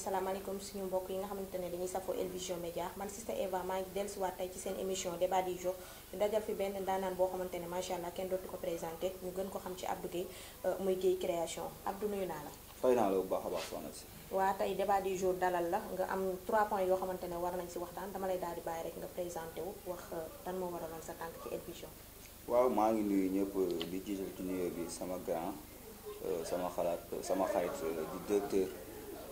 salaamaaleykum suñu mbokk yi nga xamante ne dañuy safoo El Vision Médias man Sista Eva maa ngi dellusiwaat tey ci seen émission débat du jour ñu dajal fi benn ndaanaan boo xamante ne macha allah kenn dootu ko présenté ñu gën ko xam ci Abdou Guèye euh, muy Guèye création Abdou nuyu naa la. fay naa la bu baax a baax soxna si. waa tey débat du jour dalal la nga am 3 points yoo xamante ne war nañ si waxtaan dama lay daal di bàyyi rek nga présenté wu wax dan euh, moo waraloon sa tànk ci El Vision. waaw maa ngi nuyu ñëpp euh, di jiital ci nuyoo bi sama grand sama xalaat sama xarit di directeur.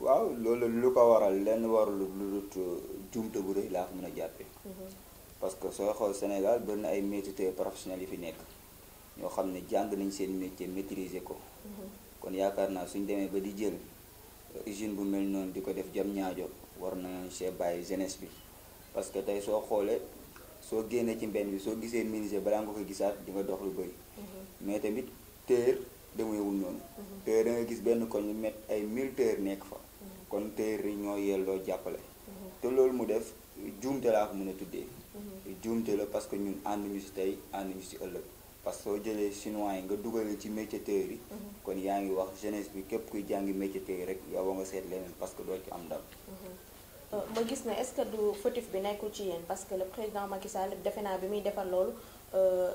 waaw loolu lu ko waral lenn warul lu dut euh, jumte bu rëy laa ko mën a jàppe mhm. parce que soo xool Sénégal bëri na ay métiers professionnels yi fi nekk ñoo xam ne jàng nañ seen métier maîtriser ko mhm. kon yaakaar naa suñ demee ba di jël euh, usine bu mel noonu di ko def jam ñaajo war nañ see bàyyi jeunesse bi parce que tey soo xoolee soo génnee ci mbenn bi soo gisee miniser balaa nga ko gisaat di nga dox lu bëri mhm. mais tamit téer demewul noonu téer da gis benn koñ met ay nekk fa kon téere ñoo yelloo jàppale mhm. te loolu mu def juumte laa ko mën a tuddee mhm. juumte la parce que ñun ànd ñu si tey ànd ñu si ëllëg parce que soo jëlee chinois yi nga dugale ci métier théorie mhm. kon yaa ngi wax jeunesse bi képp kuy jàngi métier rek yow wa nga seet leneen parce que doo ci am ndam euh, ma gis na est-ce que du fautif bi nekkul ci yéen parce que le président Macky Sall defe naa bi muy defar loolu euh,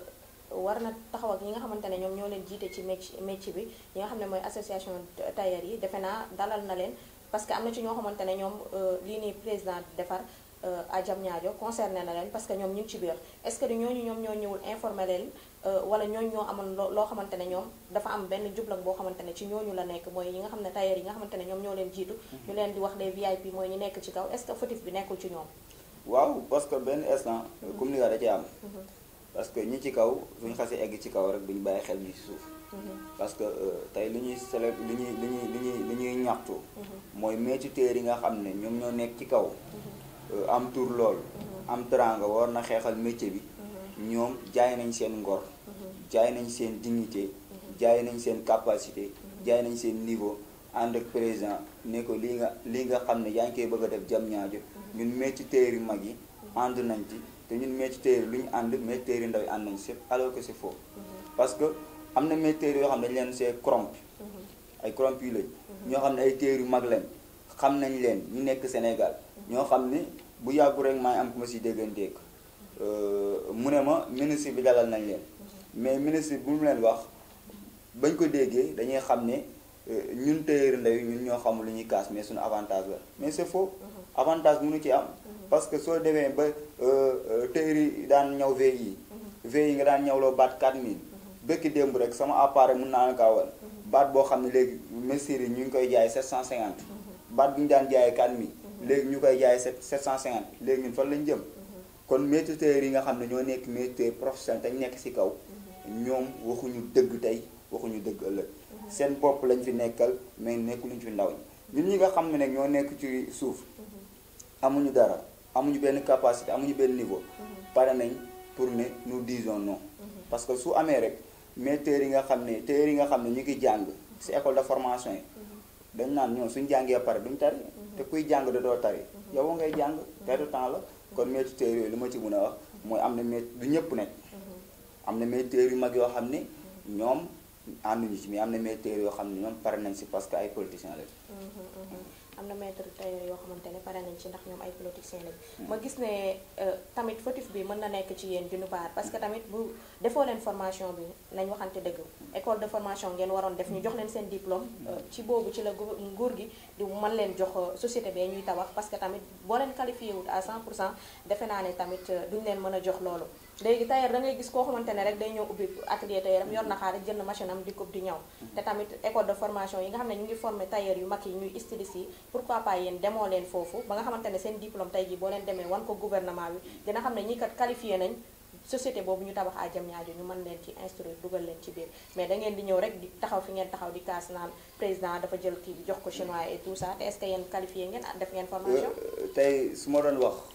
war na taxaw ak ñi nga xamante ne ñoom ñoo leen jiite ci métier métier bi ñi nga xam ne mooy association tailleur yi defe naa dalal na leen parce que am na ci ñoo xamante ne ñoom euh, lii nii président defar euh, à Diamniadio concerné na leen parce que ñoom ñu ngi ci biir est-ce que di ñooñu ñoom ñoo ñëwul informé leen euh, wala ñooñu ñoo amoon loo xamante ne ñoom dafa am benn jublang boo xamante ne ci ñooñu la nekk mooy ñi nga xam ne tailleur yi nga xamante ne ñoom ñoo leen jiitu mm-hmm. ñu leen di wax les VIP mooy ñu nekk ci kaw est-ce bi nekkul ci ñoom waaw parce que benn instant mm-hmm. communication da ci am mm-hmm. parce que ñi ci ci suuf Mhm. parce que euh, tey li ñuy célé li ñuy li ñuy li ñuy li ñuy ñaxtu. Mhm. mooy métiteurs yi nga xam ne ñoom ñoo nekk ci kaw. Mhm. Euh, am tur lool. am teraanga war na xeexal métier bi. ñoom jaay nañ seen ngor. jaay nañ seen dignité. jaay nañ seen capacité. jaay nañ seen niveau ànd ak président ne ko lii nga lii nga xam ne yaa ngi koy bëgg a def jam ñaajo ñun métiteurs yu mag yi. ànd nañ ci te ñun métiteurs yi lu ñu ànd métiteurs yu ndaw yi ànd nañ si alors que c'est faux parce am na mes téere yoo xam ne dañ leen see corrompu mhm. ay corrompu yu lañ mhm. ñoo xam ne ay téere yu mag leen xam nañ leen ñu nekk Sénégal mhm. ñoo xam ne bu yàggu rek maa am ku ma si dégganteeg euh, mu ne ma ministre bi dalal nañ leen mais ministre bu mu leen wax bañ ko déggee dañuy xam ne euh, ñun téyeer ndeyu ñun ñoo xamul lu ñuy kaas mais suñu avantage la mais c'est faux avantage mënu ci am parce que soo demee ba euh, téyeer yi daan ñëw veille yi veille yi nga daan ñëwloo baat 4000 bëkki démb rek sama appareil mun naa la kaa wan mhm. baat boo xam ne léegi mesures yi ñu ngi koy jaay 750 mhm. baat bu ñu daan jaayee 4000 mhm. léegi ñu koy jaayee 750 léegi ñun fan lañu jëm kon métiteurs yi nga xam ne ñoo nekk métiteur professionnel te ñu nekk si kaw ñoom waxuñu dëgg tey waxuñu dëgg ëllëg seen bopp lañ fi nekkal mais nekkuluñ fi ndaw ñi ñun ñi nga xam ne nag ñoo nekk ci suuf amuñu dara amuñu benn capacité amuñu benn niveau pare nañ pour ne nous disons non parce que su amee rek mais yi nga xam ne teurs yi nga xam ne ñu ngi jàng si mhm. école de formation yi mhm. dañ naan ñoom suñu jàngee pare duñ tari mhm. te kuy jàng da doo tari yow ngay jàng perte temps la kon métti teurs yooyu li ma ci mën a wax mooy am na métti du ñëpp nekk am na métti teurs yu mag yoo xam ne ñoom ànduñu ci mais am na métti teurs yoo xam ne ñoom pare nañ si parce que ay politiciens lañ am na maître tailleur yoo xamante ne pare nañ ci ndax ñoom ay politiciens lañ. Hmm. ma gis ne euh, tamit fautif bi mën na nekk ci yéen d'une part parce que tamit bu defoo leen formation bi nañ waxante dëgg école de formation ngeen waroon def ñu jox leen seen diplôme. Hmm. Euh, ci boobu ci la nguur gi di mën leen jox euh, société bee ñuy tabax parce que tamit boo leen qualifié wut à 100 pour cent defe naa ne tamit duñ leen mën a jox loolu. léegi tailleur da ngay gis koo xamante ne rek day ñëw ubbi atelier tailleur am yor na xaalis jënd machine am di ko di ñaw mm-hmm. te tamit école de formation yi nga xam ne ñu ngi formé tailleur yu mag yi ñuy styliste yi pourquoi pas yéen demoo leen foofu ba nga xamante ne seen diplôme tey jii boo leen demee wan ko gouvernement bi dina xam ne ñi kat qualifié nañ société boobu ñu tabax à Diamniadio ñu mën leen ci instruire dugal leen ci biir mais da ngeen di ñëw rek di taxaw fi ngeen taxaw di kaas naan président dafa jël kii bi jox ko chinois et tout ça te est-ce def ngeen formation euh, tey su ma doon wax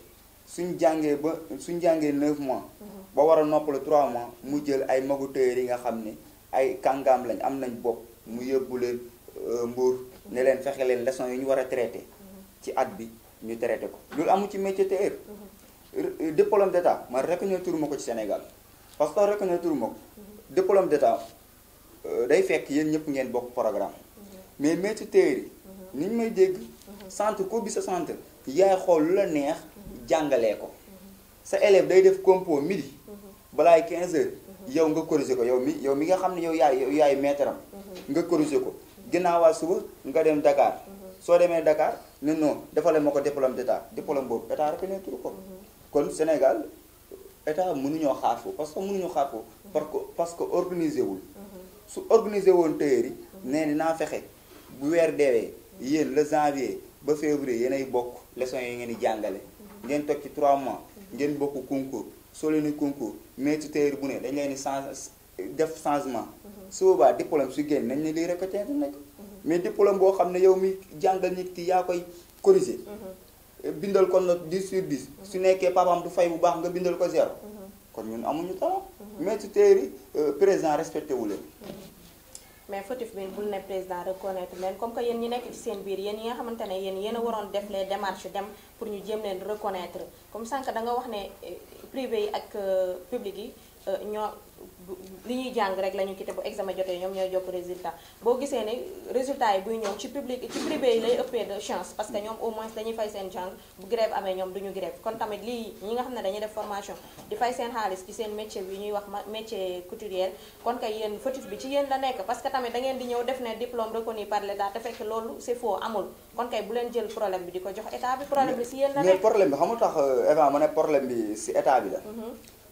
suñ jàngee ba suñ jàngee 9 mois. Mhm. ba war a noppalu 3 mois mu jël ay magu tëyër nga xam ne ay kàngaam lañ am nañ bopp mu yóbbu leen euh, mbuur ne leen fexe leen leçon yu ñu war a traité. Mhm. ci at bi ñu traité ko loolu amu ci métier tëyër. Mhm. Euh, diplôme d'état man reconnaître ma ko ci Sénégal parce que reconnaître ma ko diplôme d'état euh, day fekk yéen ñëpp ngeen bokk programme mais métier tëyër yi. ni ñu may dégg. centre ko bi sa centre yaay xool lu la neex. jàngalee ko sa élève day def compo midi mhm. balaay 15 heures mhm. yow nga corriger ko yow mi yow mi nga xam ne yow yaay yow yaay maître am mhm. nga corriger ko ginnaawaat suba nga dem Dakar soo demee Dakar ne non defalee ma ko diplôme d'état diplôme boobu état reconnaître ko kon Sénégal état mënuñoo xaar foofu parce que mënuñoo xaar foofu parce que parce que organisé wul su organisé woon tailleur yi nee ni naa fexe bu weer deewee yéen le janvier ba février yéenay bokk leçons yi ngeen di jàngale ngeen toog ci trois mois ngeen bokk concours soo leen di concours maître bu ne dañ leen di change def changement. Mhm. su boobaa diplôme su génn nañ ni lii répété na ko. mais diplôme boo xam ne yow mi jàngal nit ki yaa koy corriger. Mhm. bindal ko note 10 sur 10. Mhm. su nekkee papaam du fay bu baax nga bindal ko zéro. kon ñun amuñu talent. maître tailleur yi président respecté wu leen. mais fautif bi bul ne président reconnaître leen comme que yéen ñi nekk ci seen biir yéen yi nga xamante ne yéen waroon def les démarches dem pour ñu jéem leen reconnaître comme sànq da nga wax ne eh, privé yi ak euh, public yi euh, ñoo. li ñuy jàng rek la ñu quitté bu examen jotee ñoom ñooy jokk résultat boo gisee ne résultat yi buy ñëw ci public privé yi lay ëppee de chance parce que ñoom au moins dañuy fay seen jàng bu grève amee ñoom duñu grève kon tamit lii ñi nga xam ne dañuy def formation di fay seen xaalis ci seen métier bi ñuy wax métier couturier kon kay yéen fautif bi ci yéen la nekk parce que tamit da ngeen di ñëw def ne diplôme reconnu par l'état te fekk loolu c'est faux amul kon ko jox état bi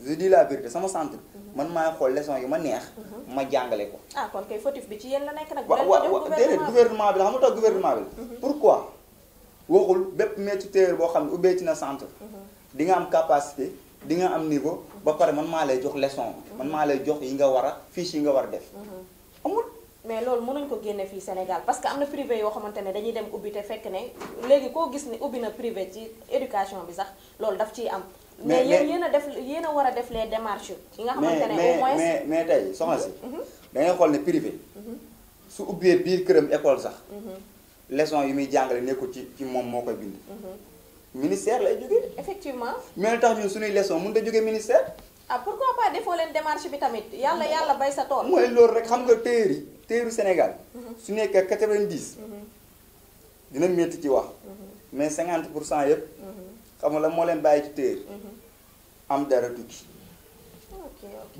je dis la vérité sama centre. Mhm. man maay xool leçon yu ma neex. Mhm. ma jàngale ko. ah kon kay fautif bi ci yéen la nekk nag. waaw waaw déedéet gouvernement bi la xam nga tax gouvernement bi la. Mhm. pourquoi waxul bépp métier téere boo xam ne ubbeeti na centre. di nga am capacité di nga am niveau. ba pare man maa lay jox leçon. man maa lay jox yi nga war a fiche yi nga war a def. amul. mais loolu mënuñ ko génne fii Sénégal parce que am na privé yoo xamante ne dañuy dem ubbi te fekk ne léegi koo gis ne ubbi na privé ci bi sax loolu daf ciy am. mais mais yéen a def yéen a war a def les démarches yi nga xamante ne au moins mais mais tey soxna si. Mhm. da ngay xool ne privé. Mhm. su ubbee bii këram école sax. Mhm. lesson yi muy jàngale nekkul ci ci moom moo koy bind. ministère lay jógee. effectivement mais tax ñun suñuy leçon mënut a jógee ministère. ah pourquoi pas defoo leen démarche bi tamit yàlla yàlla bay sa tool. mooy loolu rek xam nga téeri téeru Sénégal. su nekkee 90. dina métti ci wax. mais 50 pour cent xam nga la moo leen bàyyi ci téer mm-hmm. am dara tukki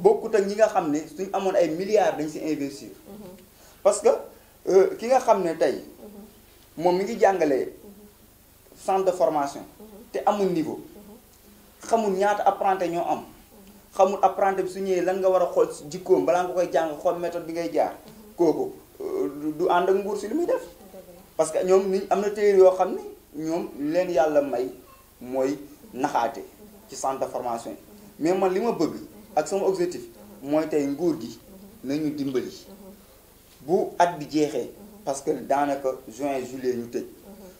bokkut ak ñi nga xam ne suñ amoon ay milliards dañ ci investir mm-hmm. parce que euh ki nga xam tay tey mm-hmm. moom mi ngi jàngale centre de formation té amul niveau xamul ñaata apprenti ño am xamul apprenti bi su ñëwee lan nga wara xol jikko jikkoom nga koy jàng xol méthode bi ngay jaar kooku euh, du and ak nguur si limuy def parce que ñom niñ am na téere yoo xam ne ñoom leen yàlla may mooy naxaate ci centre formation yi mais man li ma bëgg ak sama objectif mooy tey nguur gi nañu dimbali bu at bi jeexee parce que daanaka juin juillet ñu tëj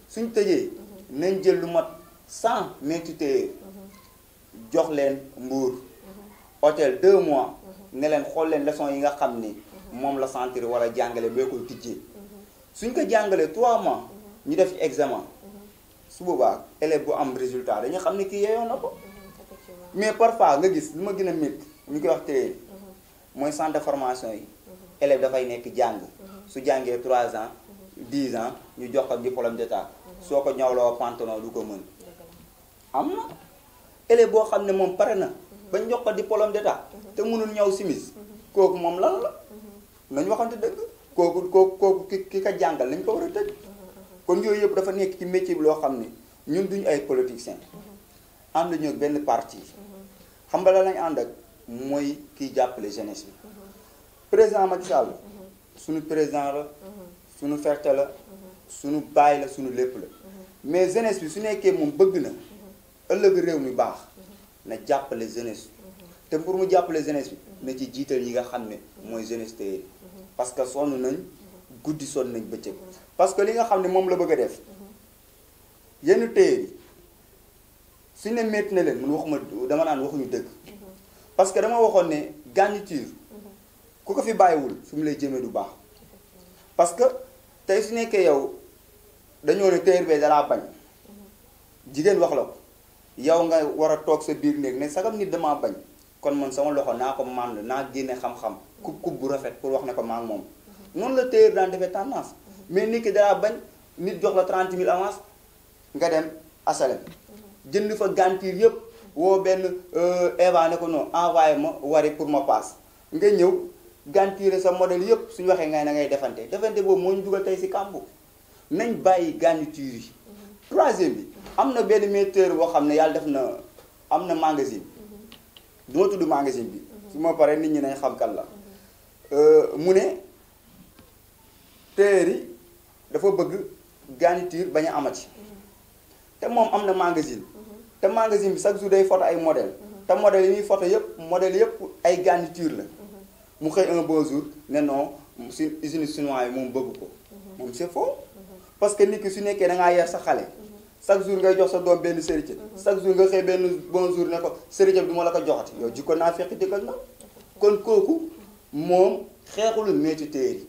suñ tëjee nañ jël lu mat cent métiers jox leen mbuur hôtel deux mois ne leen xool leen leçon yi nga xam ni moom la sentir war a jàngale boo koy tijjee suñ ko jàngalee trois mois ñu def ci examen su boobaa élève bu am résultat dañu xam ne kii yeyoon na ko. mais parfois nga gis lu ma gën a métti ñu koy wax téye mhm. mooy centre de formation yi. Mhm. élève dafay nekk jàng. Mhm. su jàngee 3 ans 10 ans ñu jox ko diplôme d'état soo ko ñawloo pantalon du ko mën. am na élève boo xam ne moom pare na bañ jox ko diplôme d'état te mënul ñaw simis kooku moom lan la nañ waxante dëgg kooku kooku kooku ki ki ko jàngal lañ ko war a tëj. kon yooyu yëpp dafa nekk ci métier bi loo xam ne ñun duñ ay politiciens mm-hmm. ànd ñu ak benn parti mm-hmm. xam nga la lañ ànd ak mooy kiy jàppale jeunesse bi mm-hmm. président Macky Sall suñu président la suñu ferte la suñu baay la suñu lépp la mais jeunesse bi su nekkee moom bëgg na ëllëg réew mi baax na jàppale jeunesse te pour mu jàppale jeunesse bi na ci jiital ñi nga xam ne mooy jeunesse tey parce que sonn nañ guddi sonn nañ bëccëg parce que li nga xam ne moom la bëgg a def yenn téere yi suñ ne métti na leen mun waxuma dama naan waxuñu dëgg parce que dama waxoon ne garniture ku ko fi bàyyiwul fi mu lay jëmee du baax parce que tey su nekkee yow dañoo ne téere bee dalaa bañ jigéen wax la ko yow nga war a toog sa biir néeg ne sagam nit damaa bañ kon man sama loxo naa ko mànd naa génne xam-xam kub kub bu rafet pour wax ne ko maa moom noonu la téyër daan defee tendance mais nit ki dara bañ nit jox la 30 000 avance nga dem asalem jënd fa gantiir yëpp benn euh, Eva ne ko non envoyé ma wari pour ma paas nga ñëw gantiire sa modèle yëpp suñu waxee ngay na ngay defante defante boobu moo ñu dugal tey si kàmbu nañ bàyyi garniture yi troisième bi am na benn metteur boo xam ne yàlla def na am na magasin du tudd magasin bi su ma paree nit ñi nañ xam kan la euh, mu ne tailleur dafa bëgg garniture bañ a amati te moom am na magasin mhm. te magasin bi chaque jour day photo ay modèle mhm. te modèle yi muy photo yëpp modèle yëpp ay garniture la mhm. mu xëy un beau jour ne non si usine chinois yi moom bëgg ko moom c'est faux parce que nit ki su nekkee da ngaa yar sa xale chaque jour ngay jox sa doom benn sëricë chaque jour nga xëy benn bon jour ne ko sëricë bi du ma la ko joxati yow jikko naa fekk jëkkal na kon kooku moom xeexul métti téer yi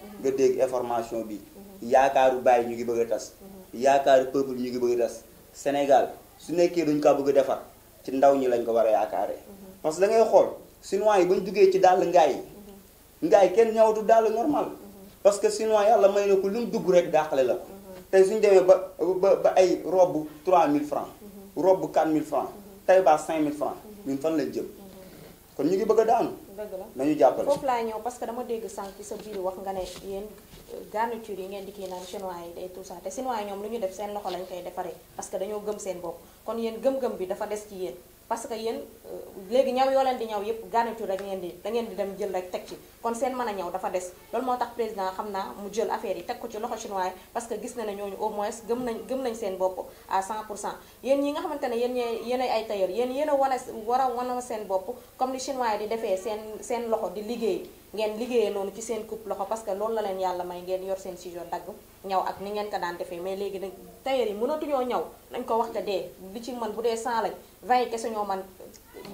nga dégg information bi mhm. yaakaaru bàyyi ñu ngi bëgg a tas mhm. yaakaaru peuple ñu ngi bëgg a tas Sénégal su nekkee duñ kaa bëgg a defar ci ndaw ñi lañ ko war a yaakaaree mhm. parce que da ngay xool chinois yi bañ duggee ci dàll ngaay yi ngaay kenn ñawatu dàll normal parce que chinois yàlla may ne ko lu mu dugg rek daaxale la ko tey suñu demee ba ba ba ay robe 3000 francs robe 4000 francs tey ba mille francs ñun fan lañ jëm kon ñu ngi bëgg a daanu. dëgg la nañu jàppale foofu laay ñëw parce que dama dégg sànq ci sa biir wax nga ne yéen euh, garniture yi ngeen di kii naan chinois yi day tout ça te chinois ñoom lu ñu def seen loxo lañ koy defaree parce que dañoo gëm seen bopp kon yéen gëm-gëm bi dafa des ci yéen parce que yéen euh, léegi ñaw yoo leen di ñaw yépp garniture rek ngeen di da ngeen di dem jël rek teg ci kon seen mën a ñaw dafa des loolu moo tax président xam naa mu jël affaire yi teg ko ci loxo chinois parce que gis na ne ñooñu au moins gëm nañ gëm nañ seen bopp à 100 pour cent yéen ñi nga xamante ne yéen ñee yéen ay tailleur yéen yéen a wane war a wane seen bopp comme ni chinois di defee seen seen loxo di liggéey ngeen liggéeyee noonu ci seen coupe loxo parce que loolu la leen yàlla may ngeen yor seen ciseau dagg ñaw ak ni ngeen ko daan defee mais léegi nag tailleur yi mënatuñoo ñaw nañ ko wax te dee li ci man bu dee 100 lañ 20 kese ñoo man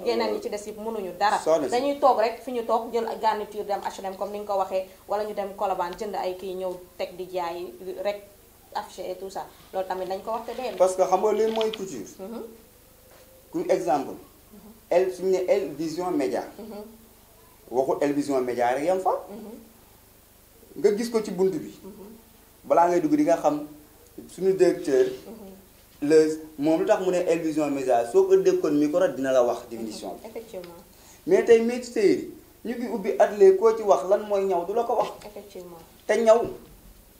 geneen ñi ci des yëpp mënuñu dara dañuy toog rek fi ñu toog jël garniture dem HLM comme ni nga ko waxee wala ñu dem Colobane jënd ay kii ñëw teg di jaay rek affiché et loolu tamit dañ ko wax te dee parce que xam nga leen mooy couture mhm. pour exemple suñu ne el vision média mhm. waxul Elvision Média rek yam fa. nga gis ko ci bunt bi. bala ngay dugg di nga xam suñu directeur. le moom lu tax mu ne Média soo ko micro dina la définition effectivement mais tey métier ñu ngi ubbi atelier koo ci wax lan mooy ñaw du la ko wax. te ñaw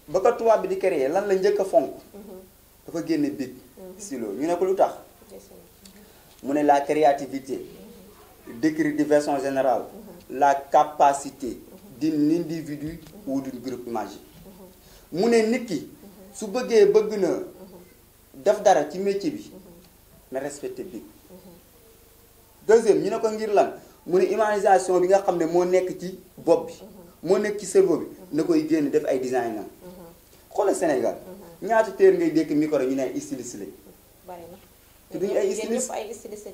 ba ko tubaab bi di créer lan la njëkk a mhm. dafa big mhm. silo ñu ne ko lu la créativité mhm. décrit de façon générale. la capacité di individu ou d'un groupe magique mu ne nit ki su bëggee bëgg na def dara ci métier bi na respecté bi deuxième ñu ne ko ngir lan mu ne humanisation bi nga xam ne moo nekk ci bopp bi moo nekk ci cerveau bi na koy génn def ay design nam xoolal Sénégal ñaata téer ngay dékk micro ñu ne ay styliste lañ te duñu ay styliste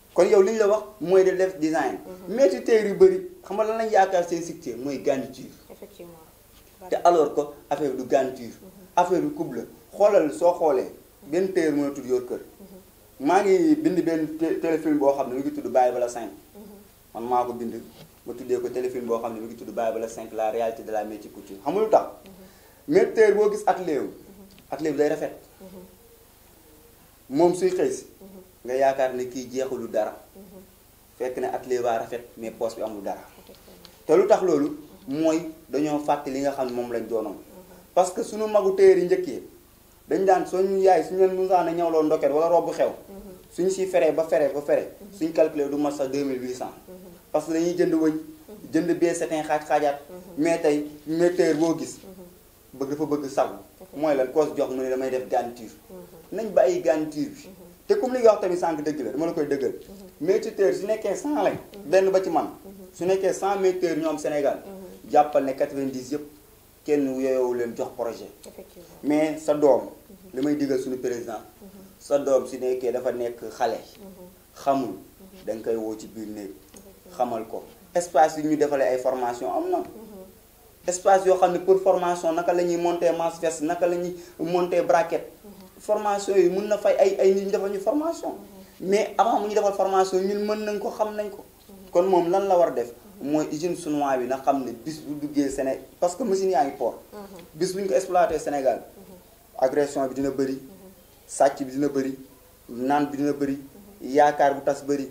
kon yow li ñu la wax mooy de def design. maître mhm. tey yu bëri xam nga lan lañ yaakaar seen succès mooy garniture. effectivement te alors que affaire du garniture. Mhm. affaire yu couple la xoolal soo xoolee. benn tailleur mën a tudd yor kër. Mhm. maa ngi bind benn téléfilm boo xam ne mi ngi tudd Baye Bala 5. man maa ko bind ma tuddee ko téléfilm boo xam ne mi ngi tudd Baye Bala 5 la réalité de la méticulture xam nga lu tax. maître tailleur boo gis atelier wu. atelier bi day rafet. moom suy xëy nga yaakaar ne kii lu dara mhm. fekk ne atelier baa rafet mais poche bi amul dara te lu tax loolu mooy dañoo fàtte li nga xam ne moom lañ doonoon mhm. parce que suñu magu yi njëkk dañ daan suñu yaay suñu leen musaan a ñawloo ndoket wala robu xew mhm. suñ si feree ba feree ba feree suñ calculer du mat sax 2800 parce que dañuy jënd wëñ jënd bee setin xaaj xaajaat mais tey météo boo gis bëgg dafa bëgg sagu mooy lan koos jox mu ne damay def garniture nañ bàyyi garniture bi te comme li nga wax tamit sànq dëgg la dama la koy dëggal mhm. métiteur su nekkee 100 lañ benn ba ci man mhm. su nekkee 100 métiteur ñoom Sénégal mhm. jàppal ne 90 yëpp kenn yooyowu leen jox projet mais sa doom li may digal suñu président sa doom si nekkee dafa nekk xale xamul da koy woo ci biir néeg xamal ko espace yi ñu defalee ay formation am na espace yoo xam ne pour formation naka la ñuy monter manche naka la ñuy monter braquette formation yi mun na fay ay ay nit ñu defal ñu formation mais avant mu ñu defal formation ñun mën nañ ko xam nañ ko kon moom lan la war a def mooy usine chinois bi na xam ne bis bu liggéey Séné parce que machine yaa ngi port bis bu ñu ko exploité Sénégal agression bi dina bëri sàcc bi dina bëri naan bi dina bëri yaakaar bu tas bëri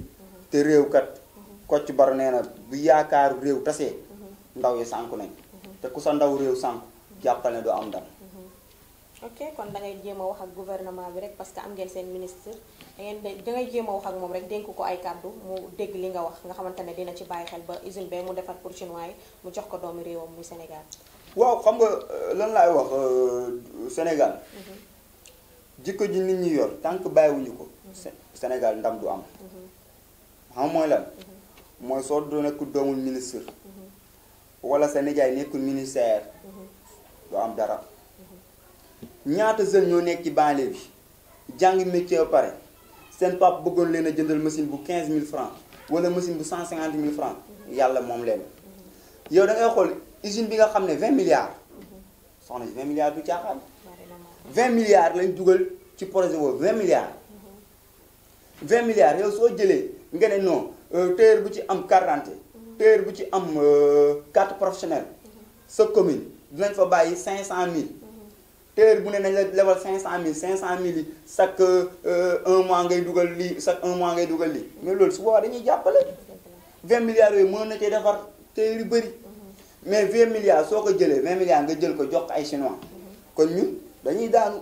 te réew kat Kocc Barma nee na bu yaakaaru réew tasee ndaw yi sànku nañ te ku sa ndaw réew sànku jàppale ne doo am ndam ok kon da jéema wax ak gouvernement bi rek parce que am ngeen seen ministre da ngeen da ngay jéem a wax ak moom rek dénk ko ay kàddu mu dégg li nga wax nga xamante ne dina ci bàyyi xel ba usine bee mu defar pour chinois yi mu jox ko doomu réewam muy Sénégal. waaw xam nga euh, lan laay wax euh, Sénégal. Mhm. jikko ji nit ñi yor tant que bàyyiwuñu ko. Mhm. senegal ndam du am. Mhm. xam mooy lan. mooy soo doon nekk doomul ministre. wala sa nijaay nekkul ministère. du am dara. ñaata jeune ñoo nekk ci banlieue bi jàngi métier ba pare seen pap bëggoon leen a jëndal machine bu 15000 francs wala machine bu 150000 francs yàlla moom leen yow da ngay xool usine bi nga xam ne 20 milliards soxna si 20 milliards du caaxaan 20 milliards lañ dugal ci projet boobu 20 milliards 20 milliards yow soo jëlee nga ne non tailleur bu ci am 40 tailleur bu ci am euh, carte professionnelle sa commune dinañ fa bàyyi 500000. téeméer bu nee nañ la lebal cinq cent mille cinq cent mille yi chaque euh, un mois ngay dugal lii chaque un mois ngay dugal lii mais loolu su boobaa dañuy jàppale vingt milliare yooyu mën na cee defar téeméer yu bëri mais vingt milliards soo ko jëlee vingt milliards nga jël ko jox ko ay chinois kon ñun dañuy daanu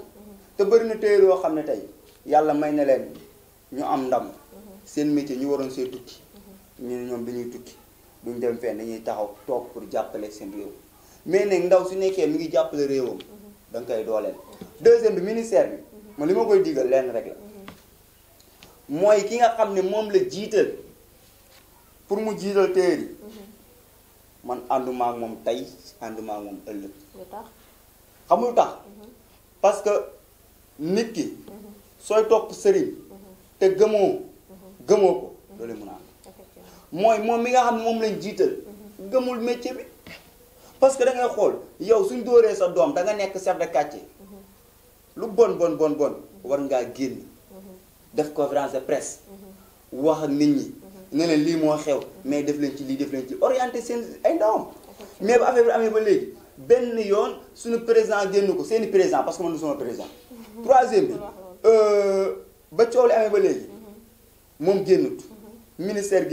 te bëri na téeméer yoo xam ne tey yàlla may na leen ñu am ndam seen métier ñu waroon see tukki ñu ne ñoom dañuy tukki duñ dem fenn dañuy taxaw toog pour jàppale seen réew mais nag ndaw su nekkee mi ngi jàppale réewam da koy dooleel. deuxième bi ministère bi man li ma koy digal lenn rek la mooy ki nga xam ne moom la jiital pour mu jiital téer yi man ànduma moom tey ànduma ak moom ëllëg. xam lu tax mhm. parce que nit ki mhm. sooy topp sëriñ mhm. te gëmoo gëmoo ko doo leen a am mooy moom mi nga xam ne moom lañ jiital gëmul métier bi. parce que da chef de quartier mm-hmm. bon bon bon bon war mm-hmm. conférence de presse mm-hmm. wax nit ñi ne mais def président parce que nous sommes troisième euh, ba ministère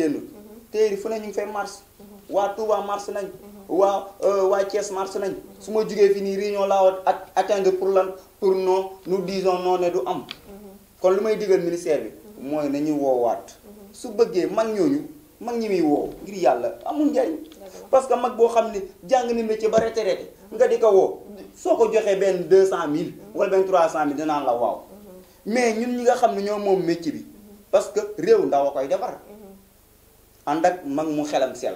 waa euh, waa Thiès mars nañ suma ma fini fi nii réunion laa war ak atteindre pour lan pour non nous disons non ne du am mhm. kon lu may ministère bi moy nañu woowaat mhm. su bëggee mag ñooñu mag ñi muy woo ngir yalla amul njariñ parce que mag bo xamni jang ni métier ba retraité mhm. nga diko wo soko joxé ben joxee benn wala benn trois cent mille la waaw mais ñun ñi nga xamni ñoo mom métier bi parce que rew ndaw a koy defar ànd mag mu xelam sel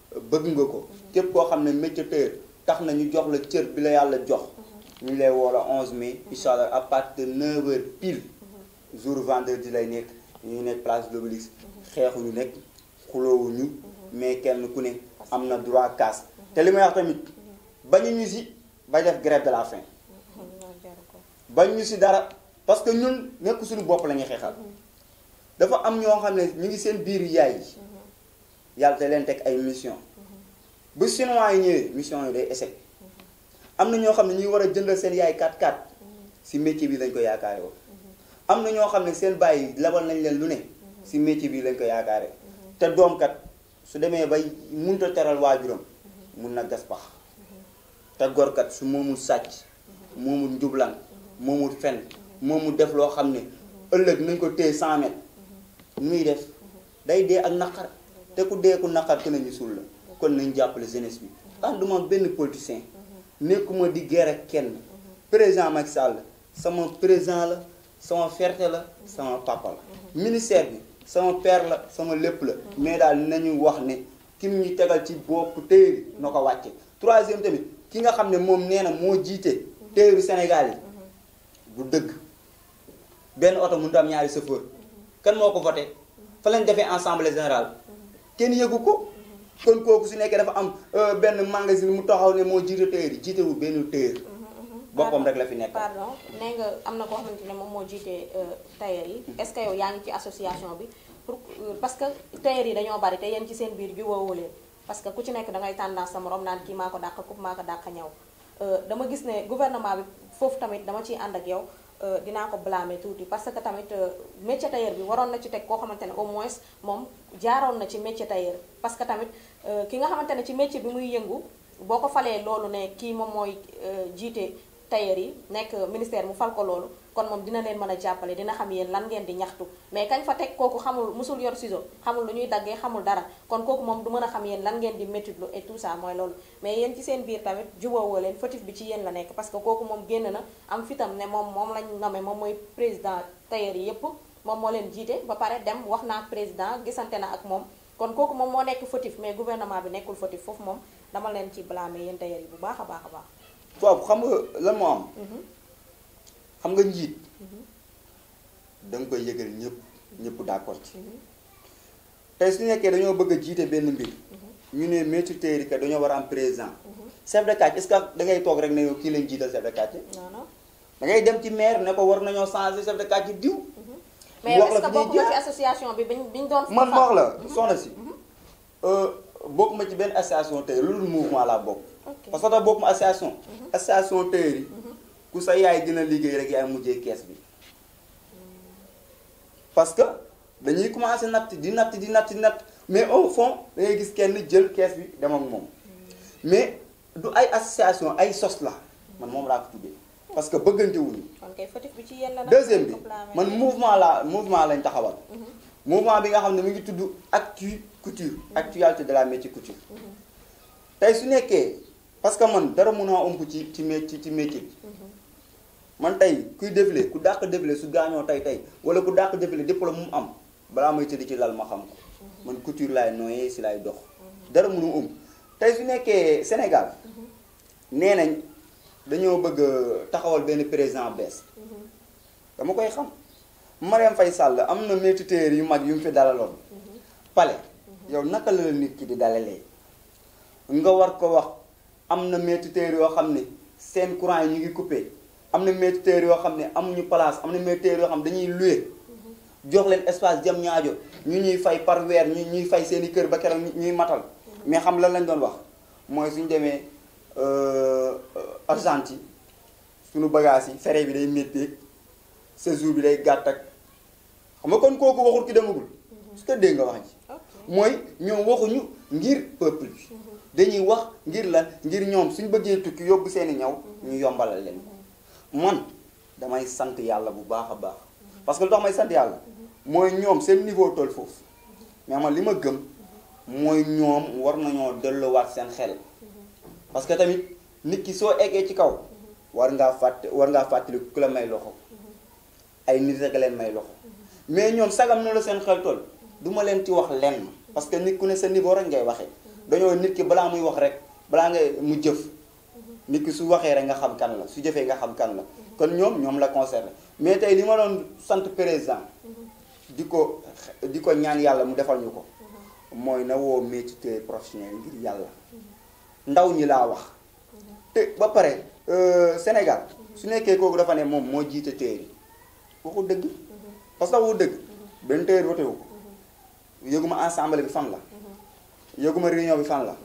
bëgg nga ko képp koo xam ne métier tax na ñu jox la cër bi la yàlla jox mhm. ñu lay woo la 11 mai incha allah à partir de 9 heures pile mhm. jour vendredi lay nekk ñu nekk place de l'Obélisque mhm. xeexuñu nekk xuloowuñu mais kenn ku ne am na droit casse te li may wax tamit bañu ñu si ba def grève de la faim bañ ñu si dara parce que ñun nekk suñu bopp la ñuy xeexal dafa am ñoo xam ne ñu ngi seen biir yaay yàlla te leen teg ay mission bu chinois yi ñëwee mission yi day échec am na ñoo xam ne ñuy war a jëndal seen yaay 4-4 si métier bi lañ ko yaakaare woon am na ñoo xam ne seen bàyyi labal nañ leen lu ne si métier bi lañ ko yaakaare te doomkat su demee bay munta teral waajuram mun na gas pax te gorkat su moomul sàcc moomul njublan moomul fen moomul def loo xam ne ëllëg nañ ko téye 100 mètres muy def day dee ak naqar te ku dee ku naqar keneen ñu suul la kon nañu jàppale jeunesse bi ah ma benn politicien nekkuma di guerre ak kenn présent Macky Sall sama président la sama fierté la sama papa la ministère bi sama père la sama lépp la mais daal nañu wax ne ki ñu tegal ci bopp téeri noo ko wàcce troisième tamit ki nga xam ne moom nee na moo jiite téeru Sénégal yi bu dëgg benn oto mënut am ñaari chauffeur kan moo ko voté fa lañ defee assemblée générale kenn yëgu ko kon kooku su nekkee dafa am euh, benn magasin mu taxaw ne moo jiite téer yi jiitewul benn téer mm-hmm, mm-hmm. boppam rek la fi nekk pardon nee nga am na koo xamante ne moom moo jiite tailleur yi mm-hmm. est-ce yaa ngi ci association bi pour euh, parce que tailleur yi dañoo bari te yéen ci seen biir ju woowoo leen parce que ku ci nekk da ngay tendance sa morom naan kii maa ko dàq kub maa ko dàq ñaw euh, dama gis ne gouvernement bi foofu tamit dama ciy ànd ak yow Euh, dinaa ko blâmer tuuti parce que tamit euh, métier tailleur bi waroon na ci teg koo xamante ne au moins moom jaaroon na ci métier tailleur parce que tamit euh, ki nga xamante ne ci métier bi muy yëngu boo ko falee loolu ne kii moom mooy jiite tailleur yi nekk ministère mu fal ko loolu kon moom dina leen mën a jàppale dina xam yéen lan ngeen di ñaxtu mais kañ fa teg kooku xamul musul yor ciseau xamul lu ñuy daggee xamul dara kon kooku moom du mën a xam yéen lan ngeen di métitlu et tout mooy lool mais yéen ci seen biir tamit juboowoo leen fautif bi ci yéen la nekk parce que kooku moom génn na am fitam ne moom moom lañ nommé moom mooy président tailleur yi yépp moom moo leen jiite ba pare dem wax naa président gisante na ak moom kon kooku moom moo nekk fautif mais gouvernement bi nekkul fautif foofu moom dama leen ci blâmer yéen tailleur bu baax a baax a baax waaw xam nga lan moo xam nga njiit da nga koy yëgal ñëpp ñëpp d'accord ci tey su nekkee dañoo bëgg a jiite benn mbir ñu ne maître théorie que dañoo war a am président chef de quartier est-ce que da ngay toog rek ne kii lañ jiital chef de quartier da ngay dem ci maire ne ko war nañoo changer chef de quartier diw mais est-ce que bokk nga ci bi biñ biñ doon man wax la mhm. soxna si mhm. euh, bokk ma ci benn association théorie loolu mouvement laa bokk parce que bokk ma association mhm. association théorie que sa il y a rek parce que dañuy commencé faire, di natt mais au fond da gis kenn jël bi dem ak mais du ay association ay sos la man parce que bëggante wuñu deuxième bi man mouvement la mouvement lañ taxawal mhm. mouvement bi nga couture mhm. actualité de la métier couture mhm. su parce que man dara ci ci métier man tey kuy défilé ku dàq défilé su gaañoo tey tey wala ku dàq défilé diplôme mu am balaa may tëdd ci lal ma xam ko man couture laay nooyee si laay dox dara mënu um tey su nekkee Sénégal nee nañ dañoo bëgg taxawal benn président bees dama koy xam Marième Faye Sall am na métiteur yu mag yu mu fi dalaloon pale yow naka la la nit ki di dalalee nga war ko wax am na métiteur yoo xam ne seen courant yi ñu ngi coupé am metteur yo yoo xam amuñu place am metteur yo yoo dañuy louer jox leen espace jam ñaajo ñu ñuy fay par wèr ñu ñuy fay seeni kër ba keroog ñuy matal mais xam lan lañ doon wax moy suñu démé euh argenti suñu bagage yi fere bi day métteeg séjour bi day gattak xam nga kon kooku waxul ki demagul ce ko dégg nga wax ci moy ñoom waxuñu ngir peuple bi mhm. dañuy wax ngir la ngir ñom suñu bëggee tukki yóbbu seen ñaw ñu yombalal leen ko man damay sant yàlla bu baax a baax parce que lu tax may sant yàlla mooy ñoom seen niveau toll foofu mais man li ma gëm mooy ñoom war nañoo delluwaat seen xel parce que tamit nit ki soo eggee ci kaw war ngaa fàtt war ngaa fàttali ku la may loxo ay nit rek leen may loxo mais ñoom sagam na la seen xel tool duma leen ci wax lenn parce que nit ku ne sa niveau rek ngay waxee dañoo nit ki balaa muy wax rek balaa ngay mu jëf. nit ki su waxee rek nga xam kan la su jëfee nga xam kan la kon ñoom ñoom la concerné mais tey li ma doon sant président di ko di ko ñaan yàlla mu defal ñu ko mooy na woo métier professionnel ngir yàlla ndaw ñi laa wax te ba pare euh, Sénégal su nekkee kooku dafa ne moom moo jiite téer yi ko dëgg parce que waxu dëgg benn téer voté wu ko yëguma ensemble bi fan la yëguma réunion bi fan la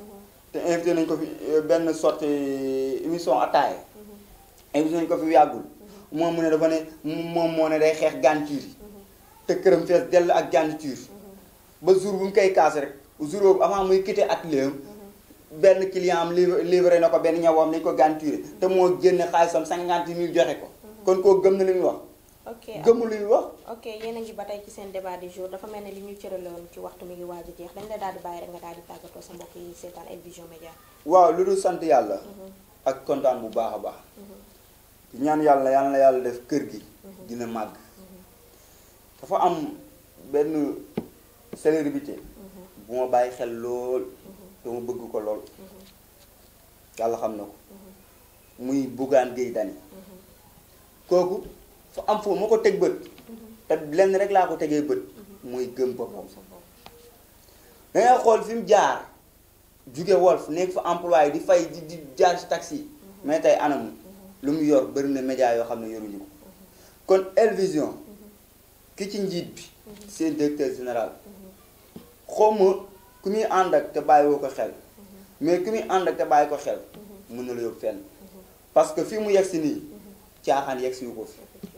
te invité nañ ko fi euh, benn sortie émission ataaya mm-hmm. invité nañ ko fi yàggul mm-hmm. moom mu ne dafa ne moom moo ne day xeex garniture yi mm-hmm. te këram fees dell ak garniture ba jour bu mu koy kaas rek jour boobu avant muy quitté atelier am benn client am livré na ko benn ñawam nañ ko garniture te moo génne xaalisam cinquante mille joxe ko kon koo gëm na li muy wax okay gëmul luy wax. ok yéen a ngi ba tey ci seen débat du jour dafa mel ne li ñu cëralewoon ci waxtu mi ngi waaj a jeex dañ la daal di rek nga daal di tàggatoo sa mbokk yi seetaan Vision waaw lu sant mhm. ak bu baax mhm. ñaan def kër gi. Mhm. dina dafa am benu célébrité. bu ma bàyyi xel lool. dama bëgg ko lool. yàlla xam ko. muy Bougane fu am foo ma ko teg bët te lenn rek laa ko tegee bët mhm. mooy gëm boppam da xool fi mu jaar jóge Walf nekk fu emploi di fay di di jaar ci taxi mhm. mais tey anamu mhm. lu mu yor bëri na média yoo xam ne yoruñu ko kon Elvision ki ci njiit bi seen directeur général xawma ku muy ànd ak te bàyyi ko xel mais ku muy ànd ak te bàyyi ko xel mun na la yóbbu fenn parce que fii mu yegg si nii caaxaan yegg si wu ko fi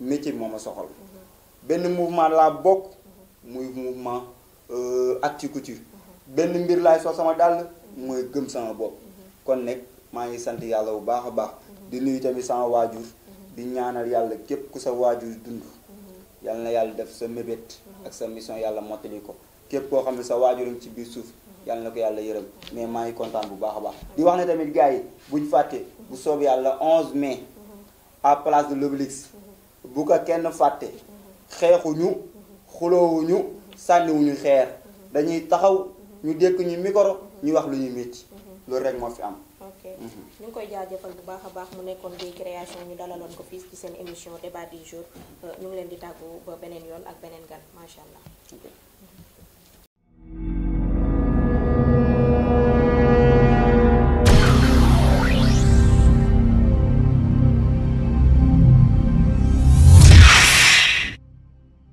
métier bi moo ma soxal benn mouvement laa bokk muy mouvement euh, agriculture benn mbir laay soo sama dàll mooy gëm sama bopp kon nekk maa ngi sant yàlla bu baax a baax di nuyu tamit sama waajur di ñaanal yàlla képp ku sa waajur dund yàlla na yàlla def sa mébét ak sa mission yàlla mottali ko képp koo xam ne sa waajuram ci biir suuf yàlla na ko yàlla yërëm mais maa ngi kontaan bu baax a baax di wax ne tamit gars buñ fàtte bu soob yàlla 11 mai à place de bu ko kenn fàtte xeexuñu xuloowuñu sànniwuñu xeer dañuy taxaw ñu dékk ñu micro ñu wax lu ñuy métti loolu rek moo fi am. ok ñu ngi koy jaajëfal bu baax a baax mu nekkoon di création ñu dalaloon ko fii ci seen émission débat du jour euh, ñu ngi leen di tàggu ba beneen yoon ak beneen gan macha allah.